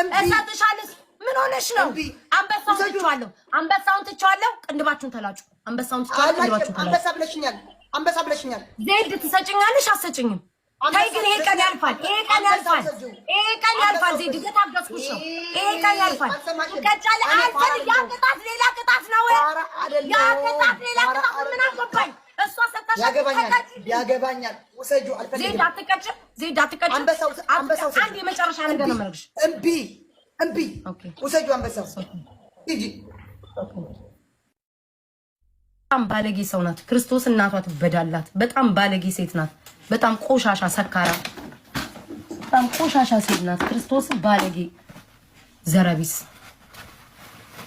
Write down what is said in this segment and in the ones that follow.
እምቢ እሰጥሻለሁ። ምን ሆነሽ ነው? አንበሳውን ትቼዋለሁ። አንበሳውን ትቼዋለሁ። ቅንድባችሁን ተላጩ። አንበሳውን ትቼዋለሁ። ቅንድባችሁን ተላጩ። አንበሳ ብለሽኛል። አንበሳ ብለሽኛል። ዘይድ ትሰጭኛለሽ? አትሰጭኝም? ተይ ግን ይሄ ቀን ያልፋል። ይሄ ቀን ያልፋል። ይሄ ቀን ያልፋል። ዘይድ እየታገስኩሽ ነው። ይሄ ቀን ያልፋል። ትቀጫለሽ። አንተን ያ ቅጣት ሌላ ቅጣት ነው። ያ ቅጣት ሌላ ቅጣት ምን አገባኝ ያገባኛል ያገባኛል። ውሰጁ። አልፈልግም። አትቀጭም። ዜድ አትቀጭም። አንበሳው አንድ የመጨረሻ ነገር ነው እምቢ እምቢ። አንበሳው በጣም ባለጌ ሰው ናት። ክርስቶስ እናቷ ትበዳላት። በጣም ባለጌ ሴት ናት። በጣም ቆሻሻ ሰካራ፣ በጣም ቆሻሻ ሴት ናት። ክርስቶስ ባለጌ ዘረቢስ፣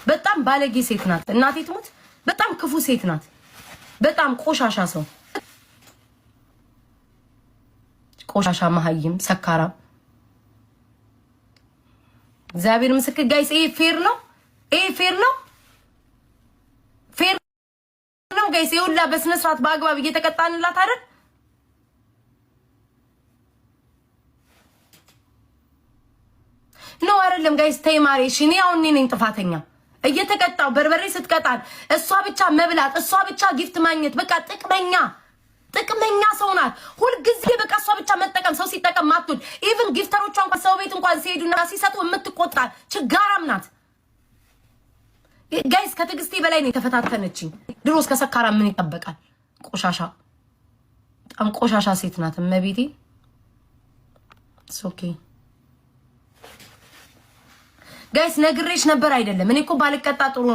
በጣም ባለጌ ሴት ናት። እናቴ ትሙት። በጣም ክፉ ሴት ናት። በጣም ቆሻሻ ሰው ቆሻሻ መሀይም ሰካራም እግዚአብሔር ምስክር ጋይስ፣ ይሄ ፌር ነው። ይሄ ፌር ነው። ፌር ነው ጋይስ። ይሄ በስነ ስርዓት በአግባብ እየተቀጣንላት አይደል? ነው አይደለም ጋይስ? ተይ ማሬ። እሺ እኔ አሁን እኔ ነኝ ጥፋተኛ እየተቀጣው በርበሬ ስትቀጣል፣ እሷ ብቻ መብላት፣ እሷ ብቻ ጊፍት ማግኘት፣ በቃ ጥቅመኛ ጥቅመኛ ሰው ናት። ሁልጊዜ በቃ እሷ ብቻ መጠቀም ሰው ሲጠቀም ማትወድ ኢቭን ጊፍተሮቿ እንኳን ሰው ቤት እንኳን ሲሄዱና ሲሰጡ የምትቆጣ ችጋራም ናት። ጋይስ ከትዕግስቴ በላይ ነው የተፈታተነችኝ። ድሮ እስከ ሰካራ ምን ይጠበቃል? ቆሻሻ፣ በጣም ቆሻሻ ሴት ናት። እመቤቴ ኦኬ ጋይስ ነግሬሽ ነበር አይደለም። እኔ እኮ ባልቀጣ ጥሩ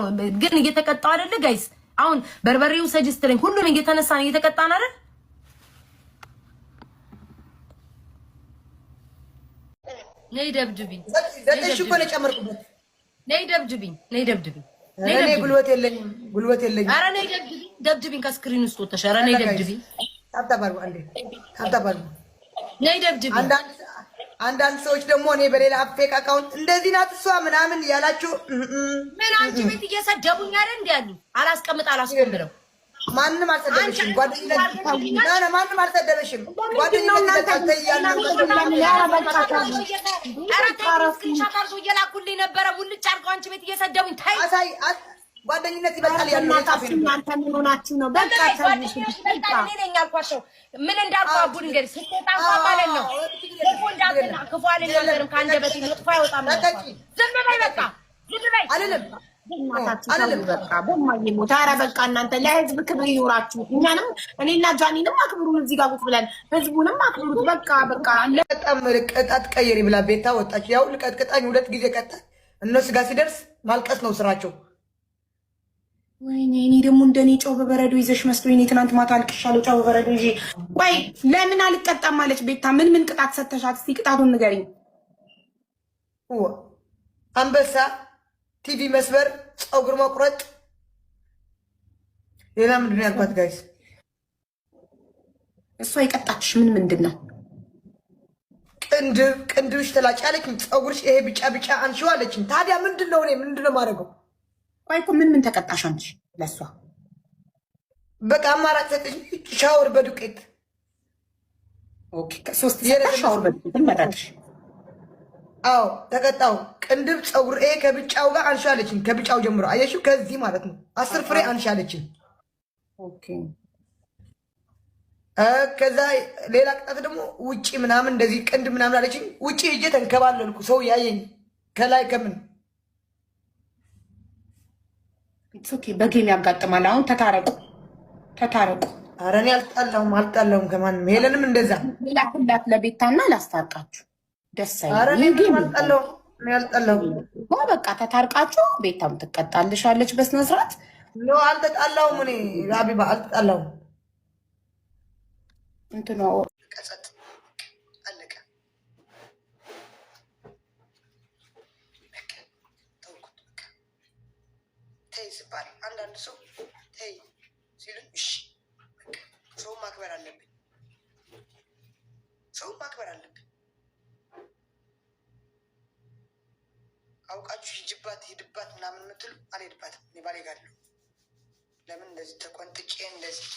ግን እየተቀጣው አይደለ ጋይስ። አሁን በርበሬው ሰጅስትረኝ ሁሉም እየተነሳ ነው እየተቀጣን አይደል? ነይ ደብድብኝ። ዘጠሽ እኮ ነው የጨመርኩበት። ነይ ደብድብኝ፣ ነይ ደብድብኝ። እኔ ጉልበት የለኝም፣ ጉልበት የለኝም። ኧረ ነይ ደብድብኝ፣ ደብድብኝ። ከስክሪን ውስጥ ወጥተሽ ኧረ ነይ ደብድብኝ። ታብታባሉ አንዴ፣ ታብታባሉ። ነይ ደብድብኝ። አንዳንድ ሰዎች ደግሞ እኔ በሌላ አፌክ አካውንት እንደዚህ ናት እሷ ምናምን ያላችሁ ምን አንቺ ቤት እየሰደቡኝ አይደል? እንዲያሉ አላስቀምጥ አላስቆም ብለው ማንም አልሰደበሽም። ጓደኝነት ማንም አልሰደበሽም። ጓደኝነት እየላኩልኝ ነበረ ውልጭ አድርገው አንቺ ቤት እየሰደቡኝ ታይ ጓደኝነት ይበልጣል ያሉ እናንተ ምን ሆናችሁ ነው? በቃ አልኳቸው። ምን እንዳባቡን እንግዲህ ስትጣፋ ማለት ነው። ክፉ አልናገርም፣ ከአንደበቴ መጥፎ አይወጣም። ዝም በይ በቃ በቃ እናንተ ለህዝብ ክብር ይኖራችሁ። እኛንም እኔና ጃኒንም አክብሩን። እዚህ ጋር ቁጭ ብለን ህዝቡንም አክብሩት። በቃ በቃ ቅጣት ብላ ቤታ ወጣች። ያው ልቀጥቅጣኝ ሁለት ጊዜ ቀጣ። እነሱ ጋር ሲደርስ ማልቀስ ነው ስራቸው። ወይኔ እኔ ደግሞ እንደኔ ጨው በበረዶ ይዘሽ መስሎኝ እኔ ትናንት ማታ አልቅሻለሁ። ጨው በበረዶ ይዤ ወይ ለምን አልቀጣም አለች ቤታ። ምን ምን ቅጣት ሰተሻት? እስኪ ቅጣቱን ንገሪኝ። አንበሳ ቲቪ መስበር፣ ፀጉር መቁረጥ፣ ሌላ ምንድን ነው ያልኳት? ጋይስ እሷ የቀጣችሽ ምን ምንድን ነው? ቅንድብ ቅንድብሽ ተላጭ አለችኝ። ፀጉርሽ ይሄ ቢጫ ቢጫ አንሺው አለችኝ። ታዲያ ምንድን ነው እኔ ምንድን ነው የማደርገው? ቆይ እኮ ምን ምን ተቀጣሽ አንቺ? ለእሷ በቃ አማራጭ ሰጠች። ሻወር በዱቄት ሶስት ሻወር በዱቄት መረጥሽ አዎ ተቀጣው። ቅንድብ ፀጉር ፀጉርኤ ከብጫው ጋር አንሻለችን። ከብጫው ጀምሮ አየሽው፣ ከዚህ ማለት ነው። አስር ፍሬ አንሻለችን። ከዛ ሌላ ቅጣት ደግሞ ውጭ ምናምን እንደዚህ ቅንድ ምናምን አለችኝ። ውጭ እጄ ተንከባለልኩ፣ ሰው ያየኝ ከላይ ከምን በጌም ያጋጥማል። አሁን ተታረቁ ተታረቁ። አረኔ እኔ አልጣላሁም አልጣላሁም ከማንም ሄለንም እንደዛ ላኩላት ለቤታና ላስታርቃችሁ ደስ በቃ ተታርቃችሁ ቤታም ትቀጣልሻለች በስነ ስርዓት። አልተጣላሁም እኔ አልተጣላሁም። አንዳንድ ሰው ተይ እሺ ሰው ማክበር አለብኝ፣ ሰው ማክበር አለብኝ አውቃችሁ ሂጅባት ሂድባት ምናምን የምትሉ አልሄድባትም። እኔ ባሌ ጋር ነው። ለምን እንደዚህ ተቆንጥጬ እንደዚህ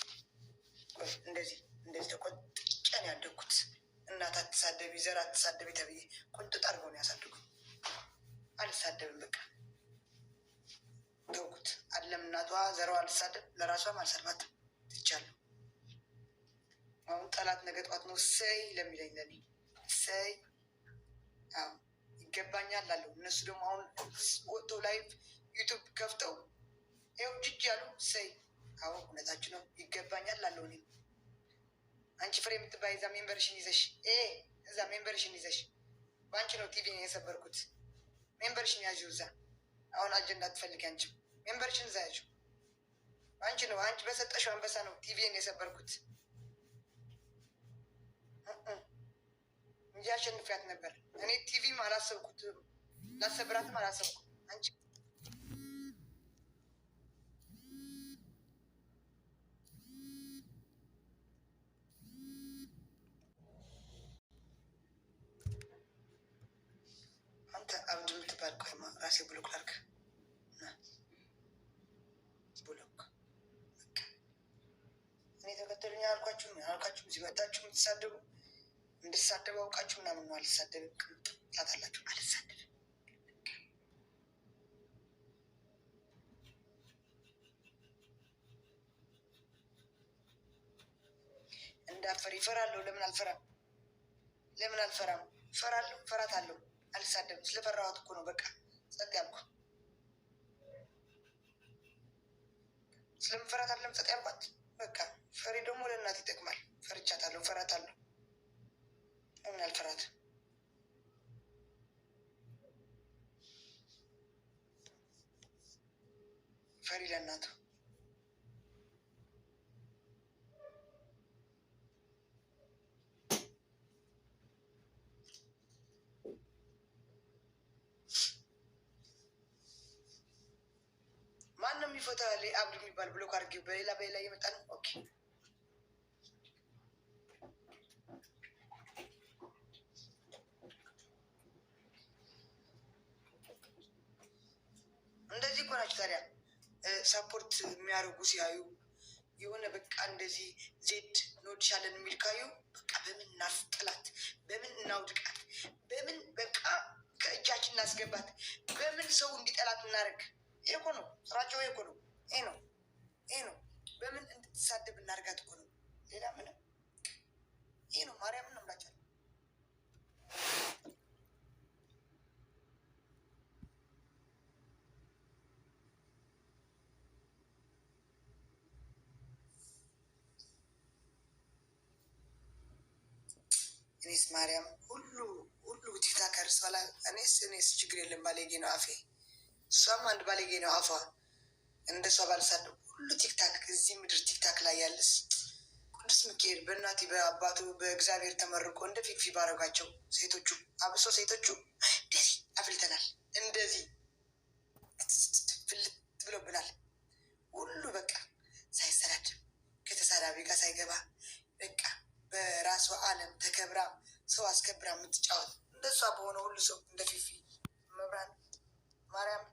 እንደዚህ እንደዚህ ተቆንጥጬ ነው ያደግኩት። እናት አትሳደቢ፣ ዘር አትሳደቢ ተብዬ ቁንጥጥ አድርገው ነው ያሳድጉ። አልሳደብም በቃ ተውኩት። አለም እናቷ ዘረው አልሳደብ፣ ለራሷም አልሰድባትም። ትቻለሁ። አሁን ጠላት ነገ ጠዋት ነው ሰይ ለሚለኝ ለኔ ሰይ ይገባኛል አለው። እነሱ ደግሞ አሁን ወጥቶ ላይቭ ዩቱብ ከፍተው ይኸው ጅጅ ያሉ ሰይ አሁን እውነታችን ነው ይገባኛል አለው። እኔ አንቺ ፍሬ የምትባይ እዛ ሜምበርሽን ይዘሽ እዛ ሜምበርሽን ይዘሽ በአንቺ ነው ቲቪ የሰበርኩት። ሜምበርሽን ያዥ እዛ አሁን አጀንዳ ትፈልግ አንቺ ሜምበርሽን እዛ ያዥ። በአንቺ ነው አንቺ በሰጠሽው አንበሳ ነው ቲቪን የሰበርኩት። እንጂ አሸንፊያት ነበር። እኔ ቲቪም አላሰብኩትም፣ ላሰብራትም አላሰብኩ አንቺ አንተ አብድ የምትባል ኮይማ ራሴ ብሎክ ላድርግ ብሎክ እኔ ተከተሉኝ አልኳችሁም አልኳችሁም እዚህ የምትሳደቡ እንድሳደብ አውቃችሁ ምናምን ነው። አልሳደብም ታታላችሁ። አልሳደብም እንዳፈር ይፈራለሁ። ለምን አልፈራም? ለምን አልፈራም? ፈራለሁ፣ ፈራታለሁ። አልሳደብም። ስለፈራኋት እኮ ነው። በቃ ጸጥ ያልኩ ስለምፈራት አለም ጸጥ ያልኳት። በቃ ፈሪ ደግሞ ለእናት ይጠቅማል። ፈርቻታለሁ፣ ፈራታለሁ ለእናቱ ማንም የሚፈታ አብዱ የሚባል ብሎ ካርጌ በሌላ በሌላ እየመጣ ነው። ኦኬ እንደዚህ እኮ ናቸው ታዲያ ሰፖርት የሚያደርጉ ሲያዩ የሆነ በቃ እንደዚህ ዜድ እንወድሻለን የሚል ካዩ በቃ በምን እናስጥላት፣ በምን እናውድቃት፣ በምን በቃ ከእጃችን እናስገባት፣ በምን ሰው እንዲጠላት እናደርግ። ይሄ እኮ ነው ስራቸው፣ ይሄ እኮ ነው፣ ይሄ ነው፣ ይሄ ነው። በምን እንድትሳደብ እናደርጋት እኮ ነው፣ ሌላ ምንም። ይሄ ነው ማርያምን ነው እምላቸዋለሁ። ሪስ ማርያም ሁሉ ሁሉ ቲክታከር ሰላ እኔስ እኔስ ችግር የለም ባሌጌ ነው አፌ፣ እሷም አንድ ባሌጌ ነው አፏ። እንደ ሷ ባልሳለ ሁሉ ቲክታክ እዚህ ምድር ቲክታክ ላይ ያለስ ቅዱስ ሚካኤል በእናት በአባቱ በእግዚአብሔር ተመርቆ እንደ ፊፊ ባረጓቸው ሴቶቹ አብሶ ሴቶቹ እንደዚህ አፍልተናል እንደዚህ አስከብራ የምትጫወት እንደሷ በሆነ ሁሉ ሰው እንደ ፊፊ መብራን ማርያም